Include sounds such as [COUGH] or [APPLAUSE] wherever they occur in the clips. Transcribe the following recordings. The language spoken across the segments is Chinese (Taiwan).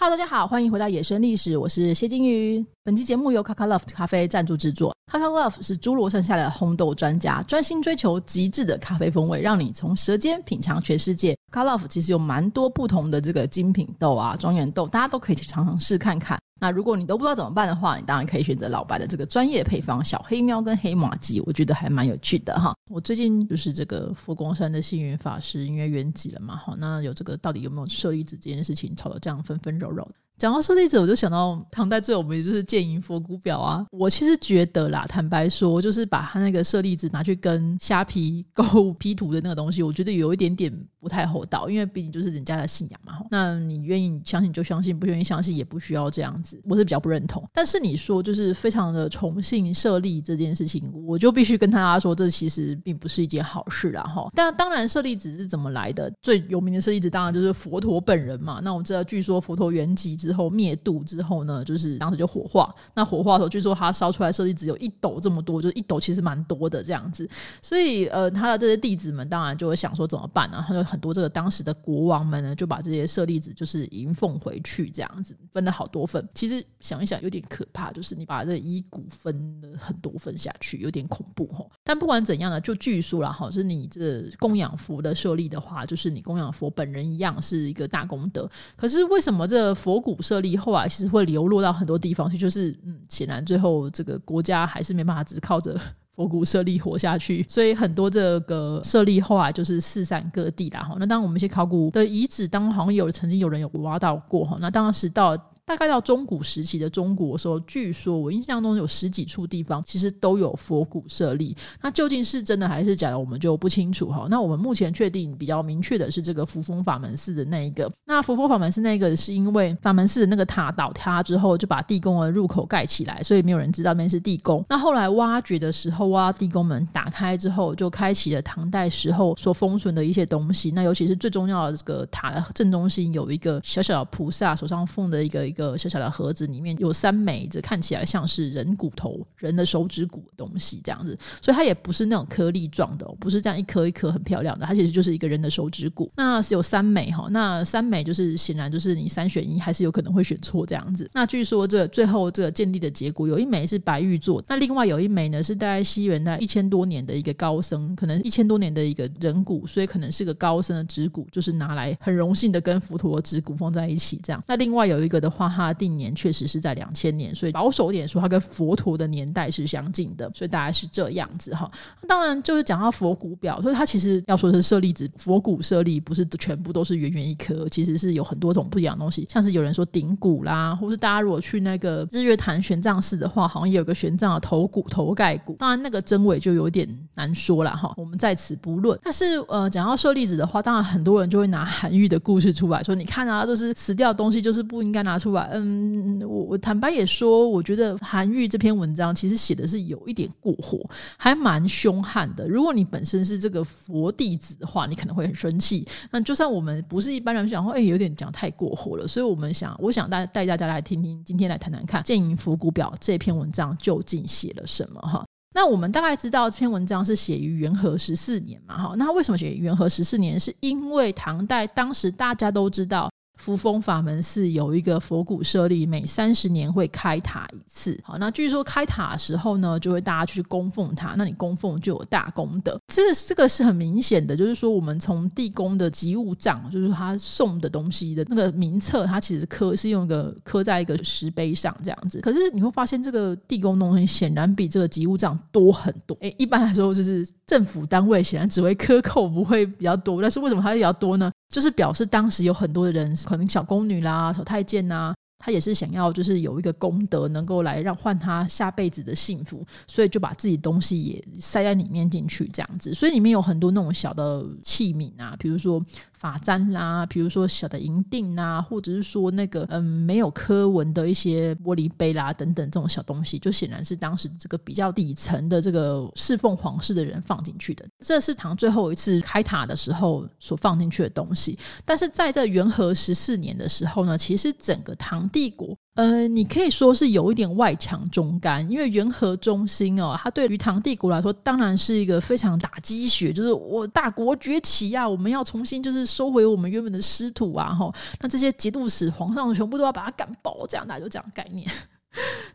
哈嘍，大家好，歡迎回到《野生歷史》，我是謝金魚。本期節目由 Kakalove Cafe 咖啡贊助製作。Kakalove Cafe 是諸羅山下的烘豆專家，專心追求極致的咖啡風味，讓你從舌尖品嘗全世界。Kakalove 其實有蠻多不同的這個精品豆啊，莊園豆，大家都可以去嘗嘗試看看。那如果你都不知道怎麼辦的話，你當然可以選擇老白的這個專業配方，小黑喵跟黑馬雞，我覺得還蠻有趣的哈。我最近就是這個佛光山的星雲法師因為圓寂了嘛，好，那有這個到底有沒有舍利子這件事情吵得這樣紛紛擾擾。講到舍利子，我就想到唐代最有名就是諫迎佛骨表啊。我其實覺得啦，坦白說，就是把他那個舍利子拿去跟蝦皮購物 P 圖的那個東西，我覺得有一點點。不太厚道，因為畢竟就是人家的信仰嘛。那你願意相信就相信，不願意相信也不需要這樣子。我是比較不認同。但是你說就是非常的崇信舍利這件事情，我就必須跟大家說，這其實並不是一件好事啦。哈。但當然，舍利子是怎麼來的？最有名的舍利子當然就是佛陀本人嘛。那我們知道，據說佛陀圓寂之後滅度之後呢，就是當時就火化。那火化的時候，據說他燒出來舍利子有一斗這麼多，就是一斗其實蠻多的這樣子。所以呃，他的這些弟子們當然就會想說怎麼辦啊，他就很多這個當時的國王們呢，就把這些舍利子就是迎奉回去，這樣子分了好多份。其實想一想有點可怕，就是你把這一骨分了很多份下去，有點恐怖哈。但不管怎樣呢，就據說了哈，就是你這供養佛的舍利的話，就是你供養佛本人一樣是一個大功德。可是為什麼這佛骨舍利後來其實會流落到很多地方去？就是嗯，顯然最後這個國家還是沒辦法只是靠著。考古舍利活下去，所以很多這個舍利後來就是四散各地，然後那當我們一些考古的遺址，當中好像有曾經有人有挖到過哈。那當時到。大概到中古時期的中國的時候，據說我印象中有十幾處地方，其實都有佛骨舍利。那究竟是真的還是假的，我們就不清楚哈。那我們目前確定比較明確的是這個扶風法門寺的那一個。那扶風法門寺那個是因為法門寺的那個塔倒塌之後，就把地宮的入口蓋起來，所以沒有人知道那是地宮。那後來挖掘的時候，挖地宮門打開之後，就開啟了唐代時候所封存的一些東西。那尤其是最重要的這個塔的正中心有一個小小的菩薩，手上奉的一個。個小小的盒子裡面有三枚，這看起來像是人骨頭、人的手指骨的東西這樣子，所以它也不是那種顆粒狀的，哦，不是這樣一顆一顆很漂亮的，它其實就是一個人的手指骨，那是有三枚哈，哦，那三枚就是顯然就是你三選一，還是有可能會選錯這樣子。那據說這最後這個鑑定的結果，有一枚是白玉做的，那另外有一枚呢是大概西元的一千多年的一個高僧，可能一千多年的一個人骨，所以可能是個高僧的指骨，就是拿來很榮幸的跟佛陀指骨放在一起這樣。那另外有一個的話，它定年確實是在兩千年，所以保守點說，它跟佛陀的年代是相近的，所以大概是這樣子哈。當然，就是講到佛骨表，所以它其實要說是舍利子，佛骨舍利不是全部都是圓圓一顆，其實是有很多種不一樣的東西，像是有人說頂骨啦，或是大家如果去那個日月潭玄奘寺的話，好像也有個玄奘的頭骨、頭蓋骨，當然那個真偽就有點難說了哈，我們在此不論。但是呃，講到舍利子的話，當然很多人就會拿韓愈的故事出來說，你看啊，就是死掉的東西就是不應該拿出來。嗯，我我坦白也說，我覺得韓愈這篇文章其實寫的是有一點過火，還蠻兇悍的。如果你本身是這個佛弟子的話，你可能會很生氣。那就算我們不是一般人，想說，哎、欸，有點講太過火了。所以，我們想，我想帶帶大家來聽聽，今天來談談看《諫迎佛骨表》這篇文章究竟寫了什麼哈？那我們大概知道這篇文章是寫於元和十四年嘛？哈，那為什麼寫於元和十四年？是因為唐代當時大家都知道。扶風法門寺有一個佛骨舍利，每三十年會開塔一次。好，那據說開塔的時候呢，就會大家去供奉它。那你供奉就有大功德。這這個是很明顯的，就是說我們從地宮的吉物賬，就是他送的東西的那個名冊，它其實刻是用一個刻在一個石碑上這樣子。可是你會發現，這個地宮東西顯然比這個吉物賬多很多。誒，一般來說就是政府單位顯然只會克扣，不會比較多。但是為什麼它比較多呢？就是表示當時有很多人，可能小宮女啦、小太監啊，他也是想要就是有一個功德，能夠來讓換他下輩子的幸福，所以就把自己東西也塞在裡面進去這樣子，所以裡面有很多那種小的器皿啊，比如說。髮簪啦，比如說小的銀錠啦，或者是說那個嗯沒有刻紋的一些玻璃杯啦等等這種小東西，就顯然是當時這個比較底層的這個侍奉皇室的人放進去的。這是唐最後一次開塔的時候所放進去的東西。但是在這元和十四年的時候呢，其實整個唐帝國。呃，你可以說是有一點外強中乾，因為元和中心哦，它對於唐帝國來說當然是一個非常打雞血，就是我大國崛起呀，啊，我們要重新就是收回我們原本的失土啊，吼，哦，那這些節度使，皇上全部都要把它幹爆，這樣來，就這樣的概念。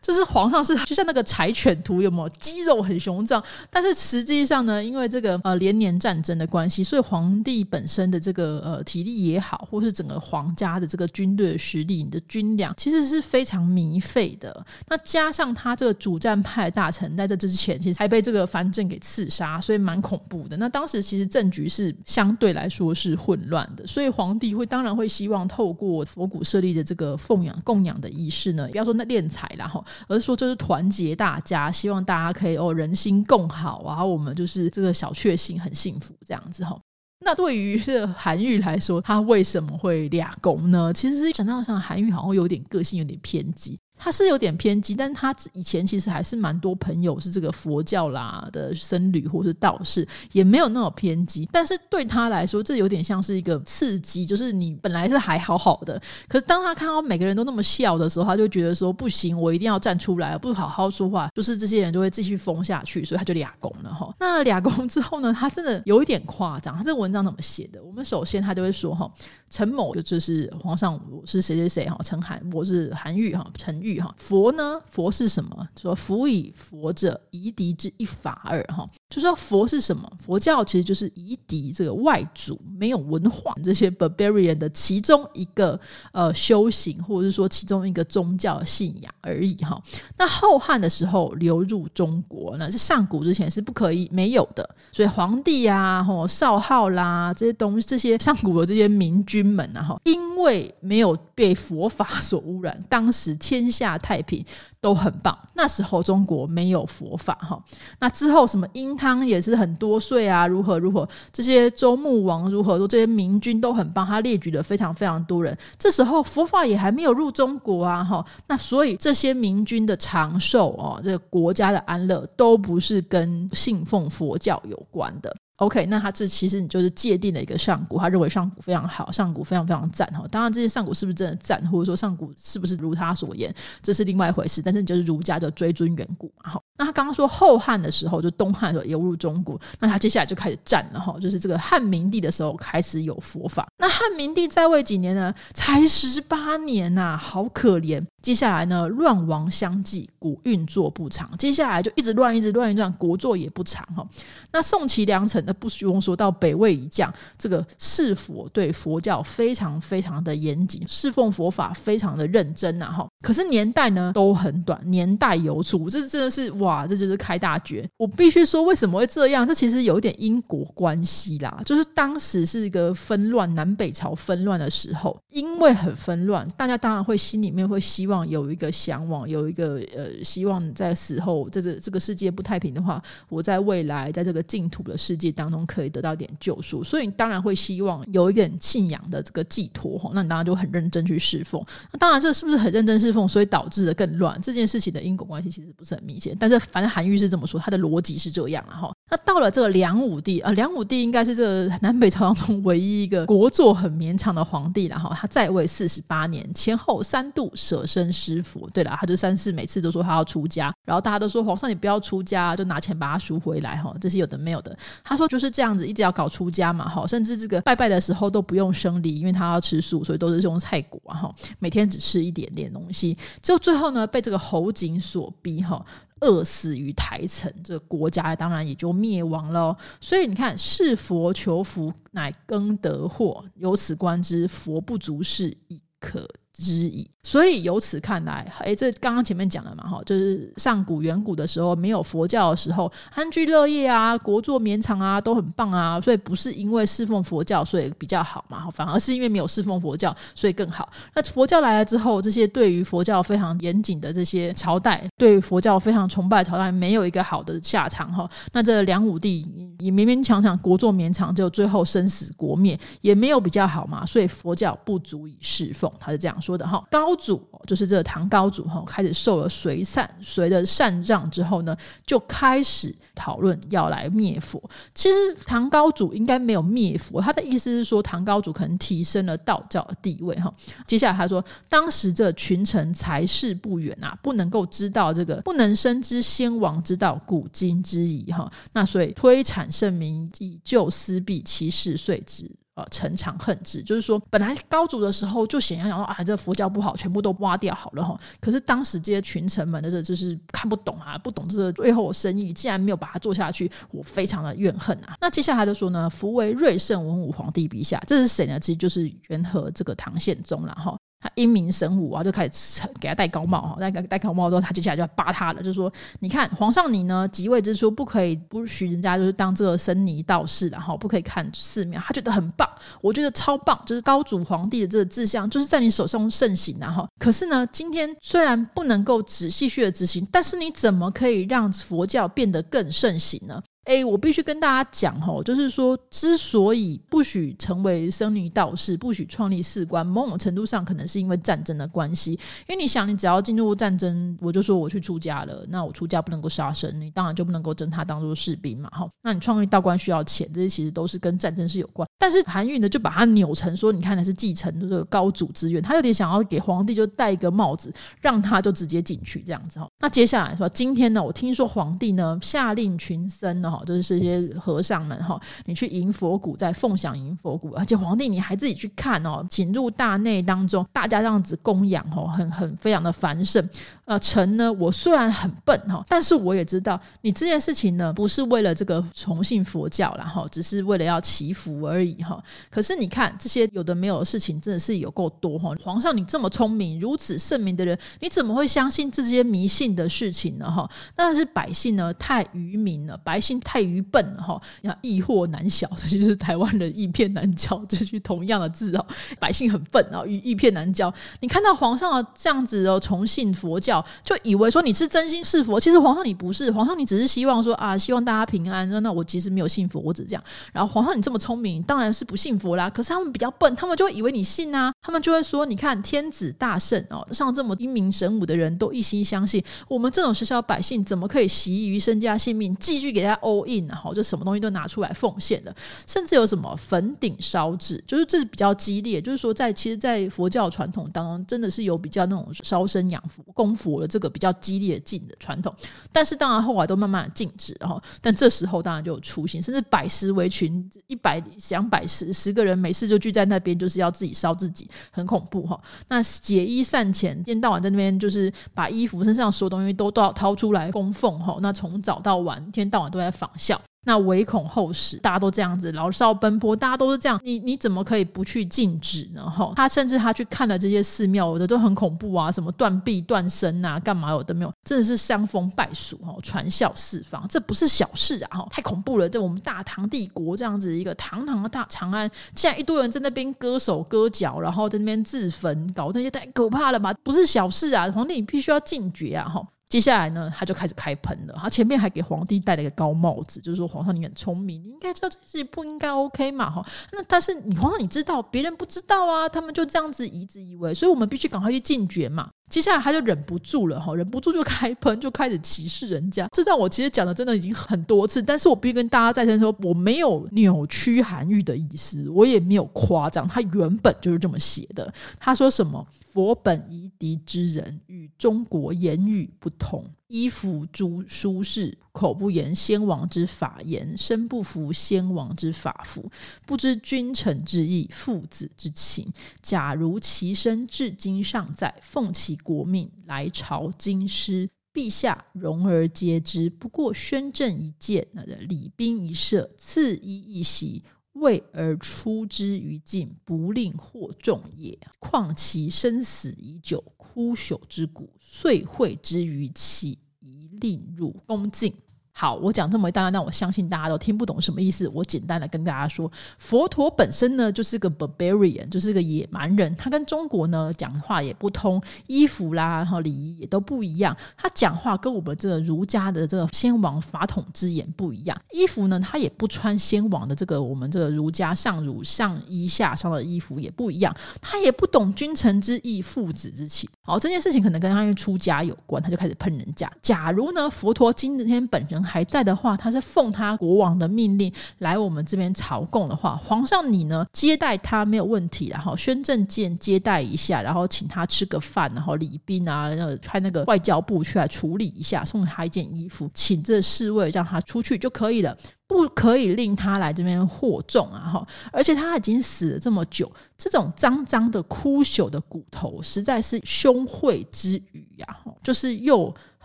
就是皇上是就像那個柴犬圖，有沒有肌肉很雄壯？但是實際上呢，因為這個呃連年戰爭的關係，所以皇帝本身的這個呃體力也好，或是整個皇家的這個軍隊的實力、你的軍糧，其實是非常靡費的。那加上他這個主戰派大臣在這之前，其實還被這個藩鎮給刺殺，所以蠻恐怖的。那當時其實政局是相對來說是混亂的，所以皇帝會當然會希望透過佛骨設立的這個奉養供養的儀式呢，不要說那斂財，然後，而是說就是團結大家，希望大家可以哦人心共好啊，我們就是這個小確幸很幸福這樣子哈。那對於這個韓愈來說，他為什麼會倆攻呢？其實想到像韓愈，好像有點個性，有點偏激。他是有點偏激，但他以前其實還是蠻多朋友是這個佛教啦的僧侶或是道士，也沒有那麼偏激。但是對他來說，這有點像是一個刺激，就是你本來是還好好的，可是當他看到每個人都那麼笑的時候，他就覺得說不行，我一定要站出來，不好好說話。就是這些人就會繼續瘋下去，所以他就倆功了哈。那倆功之後呢，他真的有一點誇張。他這個文章怎麼寫的？我們首先他就會說哈，陳某就是皇上我是誰誰誰哈，陳韓我是韓愈哈，陳愈。佛呢？佛是什麼？說伏以佛者，夷狄之一法耳哈、哦。就說佛是什麼？佛教其實就是夷狄這個外族沒有文化這些 barbarian 的其中一個呃修行，或者是說其中一個宗教信仰而已哈、哦。那後漢的時候流入中國，那是上古之前是不可以沒有的。所以黃帝啊、吼、哦、少昊啦這些東西，這些上古的這些明君們啊，哈，因為沒有。被佛法所污染，當時天下太平都很棒。那時候中國沒有佛法哈，那之後什麼殷湯也是很多歲啊，如何如何，這些周穆王如何，這些明君都很棒，他列舉了非常非常多人。這時候佛法也還沒有入中國啊哈，那所以這些明君的長壽哦，這個國家的安樂都不是跟信奉佛教有關的。OK，那他這其實你就是界定了一個上古，他認為上古非常好，上古非常非常讚哈。當然，這些上古是不是真的讚，或者說上古是不是如他所言，這是另外一回事。但是，你就是儒家的追尊遠古嘛，那他剛剛說後漢的時候，就東漢的時候流入中國，那他接下來就開始戰了哈，就是這個漢明帝的時候開始有佛法。那漢明帝在位幾年呢？才十八年吶、啊，好可憐。接下來呢，亂亡相繼，國運祚不長。接下來就一直亂，一直亂，一直亂，國祚也不長哈。那宋齊梁陳呢？不不用說到北魏以降，這個事佛對佛教非常非常的嚴謹，侍奉佛法非常的認真吶、啊、哈。可是年代呢都很短，年代尤促，這真的是哇，這就是開大絕！我必須說，為什麼會這樣？這其實有一點因果關係啦。就是當時是一個紛亂，南北朝紛亂的時候，因為很紛亂，大家當然會心裡面會希望有一個嚮往，有一個呃，希望在死後，這個這個世界不太平的話，我在未來在這個淨土的世界當中可以得到一點救贖。所以你當然會希望有一點信仰的這個寄託，那你當然就很認真去侍奉。那當然這是不是很認真侍奉，所以導致的更亂？這件事情的因果關係其實不是很明顯，但是。反正韓愈是這麼說，他的邏輯是這樣了、啊、哈、哦。那到了這個梁武帝啊、呃，梁武帝應該是這個南北朝當中唯一一個國祚很綿長的皇帝了哈、哦。他在位四十八年，前後三度舍身施佛。對了，他就三次，每次都說他要出家，然後大家都說皇上你不要出家，就拿錢把他贖回來哈、哦。這是有的沒有的。他說就是這樣子，一直要搞出家嘛哈、哦。甚至這個拜拜的時候都不用牲禮，因為他要吃素，所以都是用菜果哈、啊哦。每天只吃一點點東西，就最後呢被這個侯景所逼哈。哦餓死於台城，這個、國家當然也就滅亡了。所以你看，事佛求福，乃更得禍。由此觀之，佛不足事亦可。之一，所以由此看來，哎，這剛剛前面講了嘛，哈，就是上古遠古的時候，沒有佛教的時候，安居樂業啊，國祚綿長啊，都很棒啊，所以不是因為侍奉佛教所以比較好嘛，反而是因為沒有侍奉佛教所以更好。那佛教來了之後，這些對於佛教非常嚴謹的這些朝代，對於佛教非常崇拜朝代，沒有一個好的下場，哈。那這梁武帝也勉勉強強國祚綿長，就最後生死國滅也沒有比較好嘛，所以佛教不足以侍奉，他是這樣。說的哈，高祖就是這個唐高祖哈，開始受了隋禪，隨着禪讓之後呢，就開始討論要來滅佛。其實唐高祖應該沒有滅佛，他的意思是說唐高祖可能提升了道教的地位哈。接下來他說，當時這群臣材識不遠啊，不能夠知道這個，不能深知先王之道，古今之宜哈。那所以推闡聖明以救斯弊，其事遂之。呃，臣常恨之就是說，本來高祖的時候就顯然想要講到啊，這佛教不好，全部都挖掉好了哈。可是當時這些群臣們的，這、就是、就是看不懂啊，不懂這個最後深意，竟然沒有把它做下去，我非常的怨恨啊。那接下來就說呢，伏惟睿聖文武皇帝陛下，這是誰呢？其實就是元和這個唐憲宗了哈。他英明神武啊，就開始給他戴高帽哈。戴戴高帽之後，他接下來就要扒他了，就是說，你看皇上你呢，即位之初不可以不許人家就是當這個僧尼道士，然後不可以看寺廟。他覺得很棒，我覺得超棒，就是高祖皇帝的這個志向就是在你手中盛行，然後可是呢，今天雖然不能夠仔細去的執行，但是你怎麼可以讓佛教變得更盛行呢？哎、欸，我必須跟大家講吼，就是說，之所以不許成為僧尼道士，不許創立寺觀，某種程度上可能是因為戰爭的關係。因為你想，你只要進入戰爭，我就說我去出家了，那我出家不能夠殺生，你當然就不能夠徵他當做士兵嘛。哈，那你創立道觀需要錢，這些其實都是跟戰爭是有關。但是韓愈呢，就把他扭成說，你看他是繼承這個高祖之願，他有點想要給皇帝就戴一個帽子，讓他就直接進去這樣子。哈，那接下來說，今天呢，我聽說皇帝呢下令群僧呢。就是一些和尚們哈，你去迎佛骨，再奉享迎佛骨，而且皇帝你還自己去看哦，請入大內當中，大家這樣子供養哦，很很非常的繁盛。呃，臣呢，我雖然很笨哈，但是我也知道你這件事情呢，不是為了這個崇信佛教啦，哈，只是為了要祈福而已哈。可是你看這些有的沒有的事情，真的是有夠多哈。皇上，你這麼聰明、如此聖明的人，你怎麼會相信這些迷信的事情呢哈？那是百姓呢太愚民了，百姓太愚笨了哈。啊，易惑難曉，這就是台灣的易騙難教，這句同樣的字哦。百姓很笨啊，易易騙難教。你看到皇上這樣子哦，崇信佛教。就以為說你是真心是佛，其實皇上你不是，皇上你只是希望說啊，希望大家平安。那那我其實沒有信佛，我只是這樣。然後皇上你這麼聰明，當然是不信佛啦。可是他們比較笨，他們就會以為你信啊。他們就會說：“你看天子大聖哦，像這麼英明神武的人都一心相信，我們這種小小的百姓怎麼可以惜於身家性命，繼續給大家 all in 啊？哈，就什麼東西都拿出來奉獻的，甚至有什麼焚頂燒指，就是這是比較激烈。就是說在，在其實，在佛教傳統當中，真的是有比較那種燒身養佛、供佛的這個比較激烈的的傳統。但是，當然後來都慢慢禁止。哈、哦，但這時候當然就有出現，甚至百十為群，一百想百十十個人，每次就聚在那邊，就是要自己燒自己。”很恐怖哈，那解衣散錢，一天到晚在那邊就是把衣服身上所有東西都都要掏出來供奉哈，那從早到晚，一天到晚都在仿效。那唯恐後世，大家都這樣子，老少奔波，大家都是這樣，你你怎麼可以不去禁止呢？哈、哦，他甚至他去看了這些寺廟，我覺得都很恐怖啊，什麼斷臂斷身吶，幹嘛有的沒有，真的是傷風敗俗哈，傳笑四方，這不是小事啊！哈，太恐怖了，在我們大唐帝國這樣子一個堂堂的大長安，竟然一堆人在那邊割手割腳，然後在那邊自焚，搞那些太可怕了嘛，不是小事啊！皇帝，你必須要禁絕啊！哈。接下來呢，他就開始開噴了。他前面還給皇帝戴了一個高帽子，就是說，皇上你很聰明，你應該知道這件事情不應該 OK 嘛。那但是你皇上你知道，別人不知道啊，他們就這樣子一直以為，所以我們必須趕快去禁絕嘛。接下來他就忍不住了哈，忍不住就開噴，就開始歧視人家。這段我其實講的真的已經很多次，但是我必須跟大家再三說，我沒有扭曲韓愈的意思，我也沒有誇張，他原本就是這麼寫的。他說什麼，佛本夷狄之人，與中國言語不同。通，衣服殊製，口不言先王之法言，身不服先王之法服，不知君臣之義，父子之情。假如其身至今尚在，奉其國命來朝京師，陛下容而接之。不過宣政一見，那禮賓一設，賜衣一襲。為而出之於境，不令惑眾也。況其生死已久，枯朽之骨，遂會之於其一令入宮禁。好，我講這麼一大段，但我相信大家都聽不懂什麼意思。我簡單的跟大家說，佛陀本身呢就是個 barbarian，就是個野蠻人。他跟中國呢講話也不通，衣服啦，然後禮儀也都不一樣。他講話跟我們這個儒家的這個先王法統之言不一樣。衣服呢，他也不穿先王的這個我們這個儒家上儒上衣下裳的衣服也不一樣。他也不懂君臣之義、父子之情。好，這件事情可能跟他因為出家有關，他就開始噴人家。假如呢，佛陀今天本身，還在的話，他是奉他國王的命令來我們這邊朝貢的話，皇上你呢接待他沒有問題，然後宣政殿接待一下，然後請他吃個飯，然後禮賓啊、那個，派那個外交部去來處理一下，送他一件衣服，請這侍衛讓他出去就可以了，不可以令他來這邊惑眾啊哈，而且他已經死了這麼久，這種髒髒的枯朽的骨頭，實在是凶穢之餘呀、啊，就是又。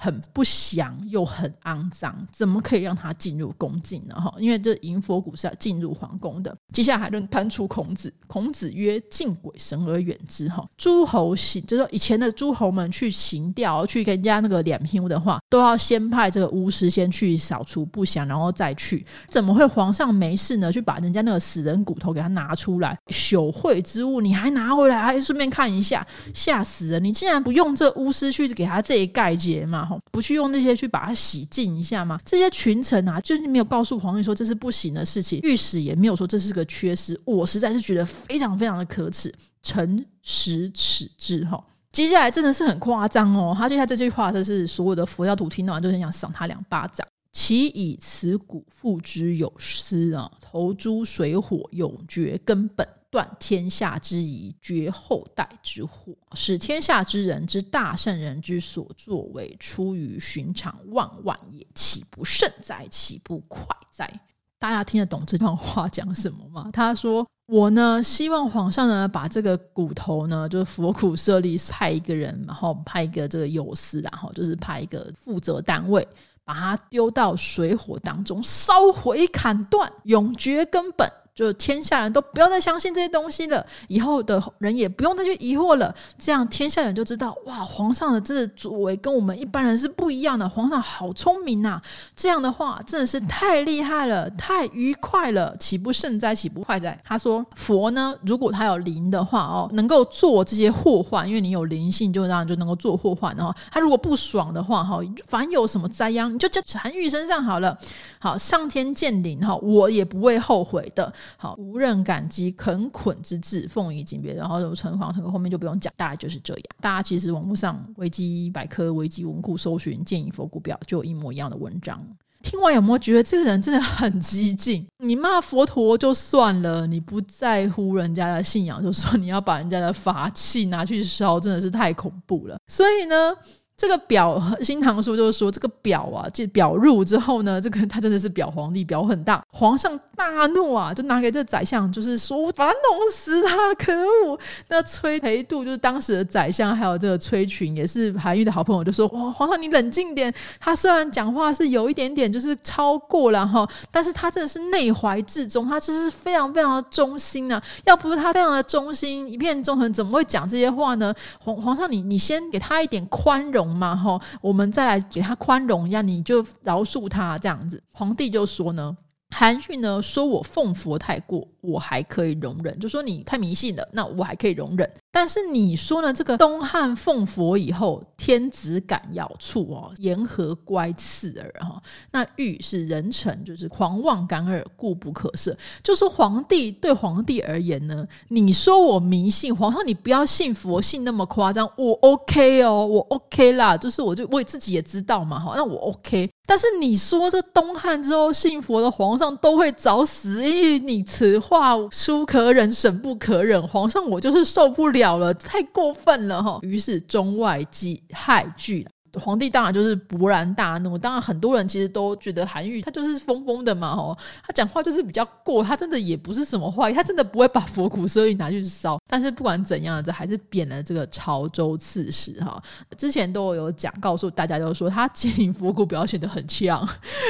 很不祥又很骯髒，怎麼可以讓他進入宮禁呢？哈，因為這迎佛骨是要進入皇宮的。接下來還能攀出孔子，孔子曰：“敬鬼神而遠之。”哈，諸侯行，就是說以前的諸侯們去行弔，去跟人家那個臉皮的話，都要先派這個巫師先去掃除不祥，然後再去。怎麼會皇上沒事呢？去把人家那個死人骨頭給他拿出來，朽穢之物你還拿回來，還順便看一下，嚇死人，你竟然不用這巫師去給他這一蓋揭嘛？不去用那些去把它洗淨一下嗎？這些群臣啊，就是沒有告訴皇帝說這是不行的事情，御史也沒有說這是個缺失，我實在是覺得非常非常的可恥，臣實恥之哈。接下來真的是很誇張哦，他接下來這句話，這是所有的佛教徒聽到就很想賞他兩巴掌。其以此骨付之有司啊，投諸水火，永絕根本。斷天下之疑，絕後代之禍，使天下之人之大聖人之所作為出於尋常萬萬也，豈不盛哉？豈不快哉？大家聽得懂這段話講什麼嗎？他說：“我呢，希望皇上呢，把這個骨頭呢，就是佛骨舍利，派一個人，然後派一個這個有司，然後就是派一個負責單位，把它丟到水火當中，燒毀、砍斷，永絕根本。”就天下人都不要再相信這些東西了，以後的人也不用再去疑惑了。這樣天下人就知道哇，皇上的這作為跟我們一般人是不一樣的。皇上好聰明呐、啊！這樣的話真的是太厲害了，太愉快了，豈不盛哉？豈不快哉？他說：“佛呢，如果他有靈的話哦，能夠做這些禍患，因為你有靈性，就讓人就能夠做禍患、哦。然後他如果不爽的話、哦，哈，凡有什麼災殃，你就叫韓愈身上好了。好，上天見靈哈、哦，我也不會後悔的。”好，無任感激，懇悃之至，奉以金別，然後有誠惶。誠惶後面就不用講，大概就是這樣。大家其實網絡上維基百科、維基文庫搜尋“諫迎佛骨表”，就有一模一樣的文章。聽完有沒有覺得這個人真的很激進？你罵佛陀就算了，你不在乎人家的信仰，就說你要把人家的法器拿去燒，真的是太恐怖了。所以呢，這個表《新唐書》就是說，這個表啊，這表入之後呢，這個他真的是表皇帝表很大，皇上大怒啊，就拿給這個宰相，就是說，我把他弄死他，可惡！那崔裴度就是當時的宰相，還有這個崔群也是韓愈的好朋友，就說：哇，皇上你冷靜點，他雖然講話是有一點點就是超過了哈，但是他真的是內懷至忠，他其實是非常非常的忠心啊！要不是他非常的忠心，一片忠誠，怎麼會講這些話呢？皇皇上你你先給他一點寬容。然、哦、後我們再來給他寬容，讓你就饒恕他這樣子。皇帝就說呢，韓愈呢說我奉佛太過。我還可以容忍，就說你太迷信了，那我還可以容忍。但是你說呢？這個東漢奉佛以後，天子咸夭促哦，言何乖剌耳哈？那愈是人臣，就是狂妄敢爾，故不可赦。就是皇帝對皇帝而言呢，你說我迷信，皇上你不要信佛，信那麼誇張，我 OK 哦，我 OK 啦，就是我就我自己也知道嘛哈、哦，那我 OK。但是你說這東漢之後信佛的皇上都會早死，因為你持。話書可忍，神不可忍。皇上，我就是受不了了，太過分了哈！於是中外激害懼。皇帝當然就是勃然大怒。當然，很多人其實都覺得韓愈他就是瘋瘋的嘛，哈，他講話就是比較過，他真的也不是什麼壞，他真的不會把佛骨舍利拿去燒。但是不管怎樣，這還是貶了這個潮州刺史哈。之前都有講，告訴大家就是說他諫迎佛骨表顯得很嗆，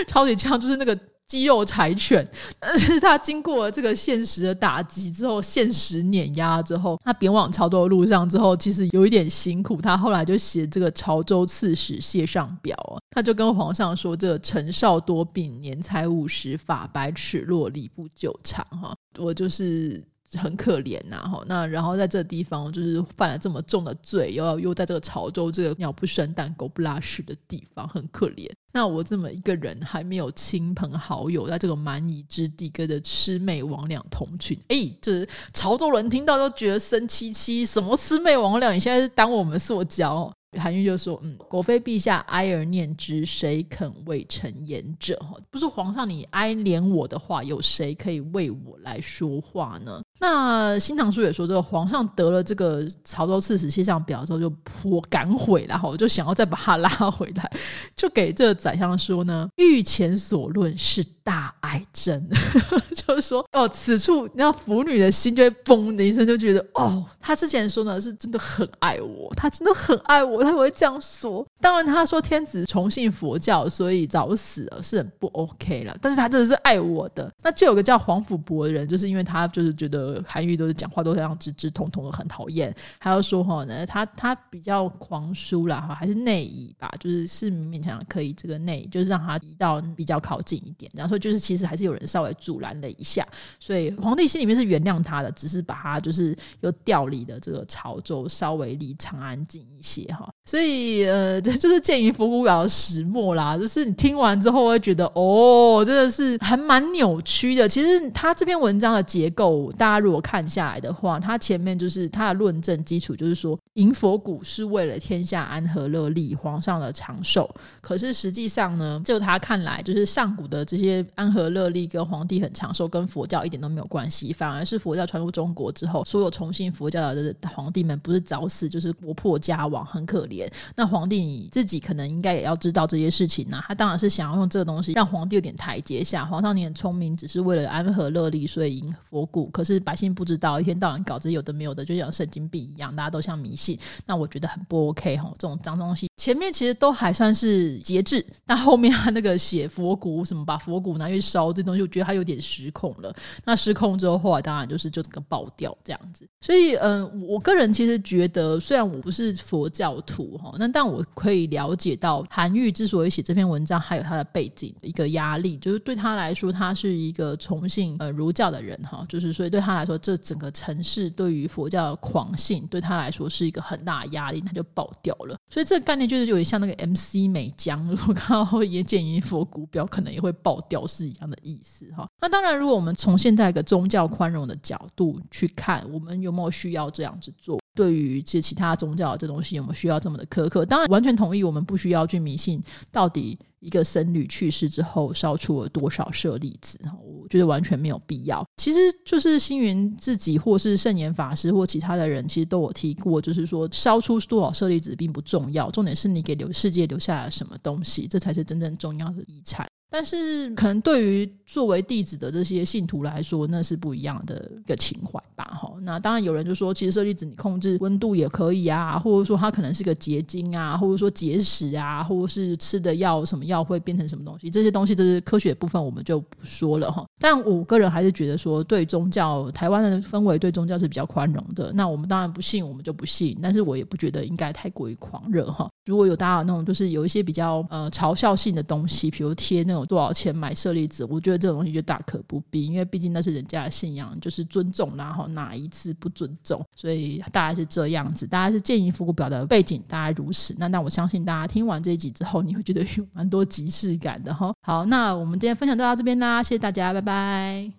超級嗆，就是那個。肌肉柴犬，但是他經過了這個現實的打擊之後，現實碾壓之後，他貶往潮州的路上之後，其實有一點辛苦。他後來就寫這個潮州刺史謝上表啊，他就跟皇上說，這臣、個、少多病，年才五十法，髮白齒落，理不久長哈，我就是。很可憐吶，哈，那然後在這個地方就是犯了這麼重的罪，又要又在這個潮州這個鳥不生蛋、狗不拉屎的地方，很可憐。那我這麼一個人還沒有親朋好友，在這個蠻夷之地跟着魑魅魍魎同群。欸，就是潮州人聽到都覺得生戚戚。什麼魑魅魍魎？你現在是當我們塑膠？韓愈就說：“嗯，苟非陛下哀而念之，誰肯為臣言者？哈，不是皇上你哀憐我的話，有誰可以為我來說話呢？那《新唐書》也說，這個皇上得了這個潮州刺史謝上表之後，就頗感悔了哈，就想要再把他拉回來，就給這個宰相說呢，御前所論是。”大愛真， [LAUGHS] 就是說哦，此處你知道腐女的心就會嘣的一聲，就覺得哦，他之前說呢是真的很愛我，他真的很愛我，他不會這樣說。當然，他說天子崇信佛教，所以早死了是很不 OK 了。但是他真的是愛我的。那就有個叫皇甫鎛的人，就是因為他就是覺得韓愈都是講話都非常直直通通的，很討厭。還要說哈、哦、呢，他他比較狂疏了哈，還是內移吧，就是是勉勉強可以這個內，就是讓他移到比較靠近一點。然後說。就是其實還是有人稍微阻攔了一下，所以皇帝心裡面是原諒他的，只是把他就是又調離的這個潮州，稍微離長安近一些哈。所以，呃，這就是諫迎佛骨表的始末啦。就是你聽完之後會覺得，哦，真的是還蠻扭曲的。其實他這篇文章的結構，大家如果看下來的話，他前面就是他的論證基礎，就是說迎佛骨是為了天下安和樂利，皇上的長壽。可是實際上呢，就他看來，就是上古的這些安和樂利跟皇帝很長壽，跟佛教一點都沒有關係。反而是佛教傳入中國之後，所有崇信佛教的，的皇帝們，不是早死就是國破家亡，很可憐。那皇帝你自己可能應該也要知道這些事情呢、啊，他當然是想要用這個東西讓皇帝有點台階下。皇上你很聰明，只是為了安和樂利所以迎佛骨，可是百姓不知道，一天到晚搞這有的沒有的，就像神經病一樣，大家都像迷信。那我覺得很不 OK 這種髒東西。前面其實都還算是節制，那後面他那個寫佛骨什麼，把佛骨拿去燒這東西，我覺得他有點失控了。那失控之後，後來當然就是就整個爆掉這樣子。所以，嗯，我個人其實覺得，雖然我不是佛教徒哈，那但我可以了解到，韓愈之所以寫這篇文章，還有他的背景一個壓力，就是對他來說，他是一個崇信呃儒教的人哈，就是所以對他來說，這整個城市對於佛教的狂信，對他來說是一個很大的壓力，他就爆掉了。所以這個概念。就是有點像那個 MC 美江，如果看到也諫迎佛骨表，可能也會爆掉，是一樣的意思哈。那當然，如果我們從現在一個宗教寬容的角度去看，我們有沒有需要這樣子做？對於這其他宗教的這東西，我們需要這麼的苛刻？當然，完全同意，我們不需要去迷信。到底一個僧侶去世之後燒出了多少舍利子，我覺得完全沒有必要。其實就是星雲自己，或是聖嚴法師，或其他的人，其實都有提過，就是說燒出多少舍利子並不重要，重點是你給留世界留下了什麼東西，這才是真正重要的遺產。但是，可能對於作為弟子的這些信徒來說，那是不一樣的一個情懷吧，哈。那當然有人就說，其實舍利子你控制溫度也可以啊，或者說它可能是個結晶啊，或者說結石啊，或者是吃的藥什麼藥會變成什麼東西，這些東西都是科學的部分，我們就不說了哈。但我個人還是覺得說，對宗教，台灣的氛圍對宗教是比較寬容的。那我們當然不信，我們就不信，但是我也不覺得應該太過於狂熱哈。如果有大家有那種就是有一些比較呃嘲笑性的東西，比如貼那種。有多少錢買舍利子？我覺得這種東西就大可不必，因為畢竟那是人家的信仰，就是尊重，然後哪一次不尊重，所以大概是這樣子，大概是諫迎佛骨表的背景，大概如此。那那我相信大家聽完這一集之後，你會覺得有蠻多即視感的哈。好，那我們今天分享就到這邊啦，謝謝大家，拜拜。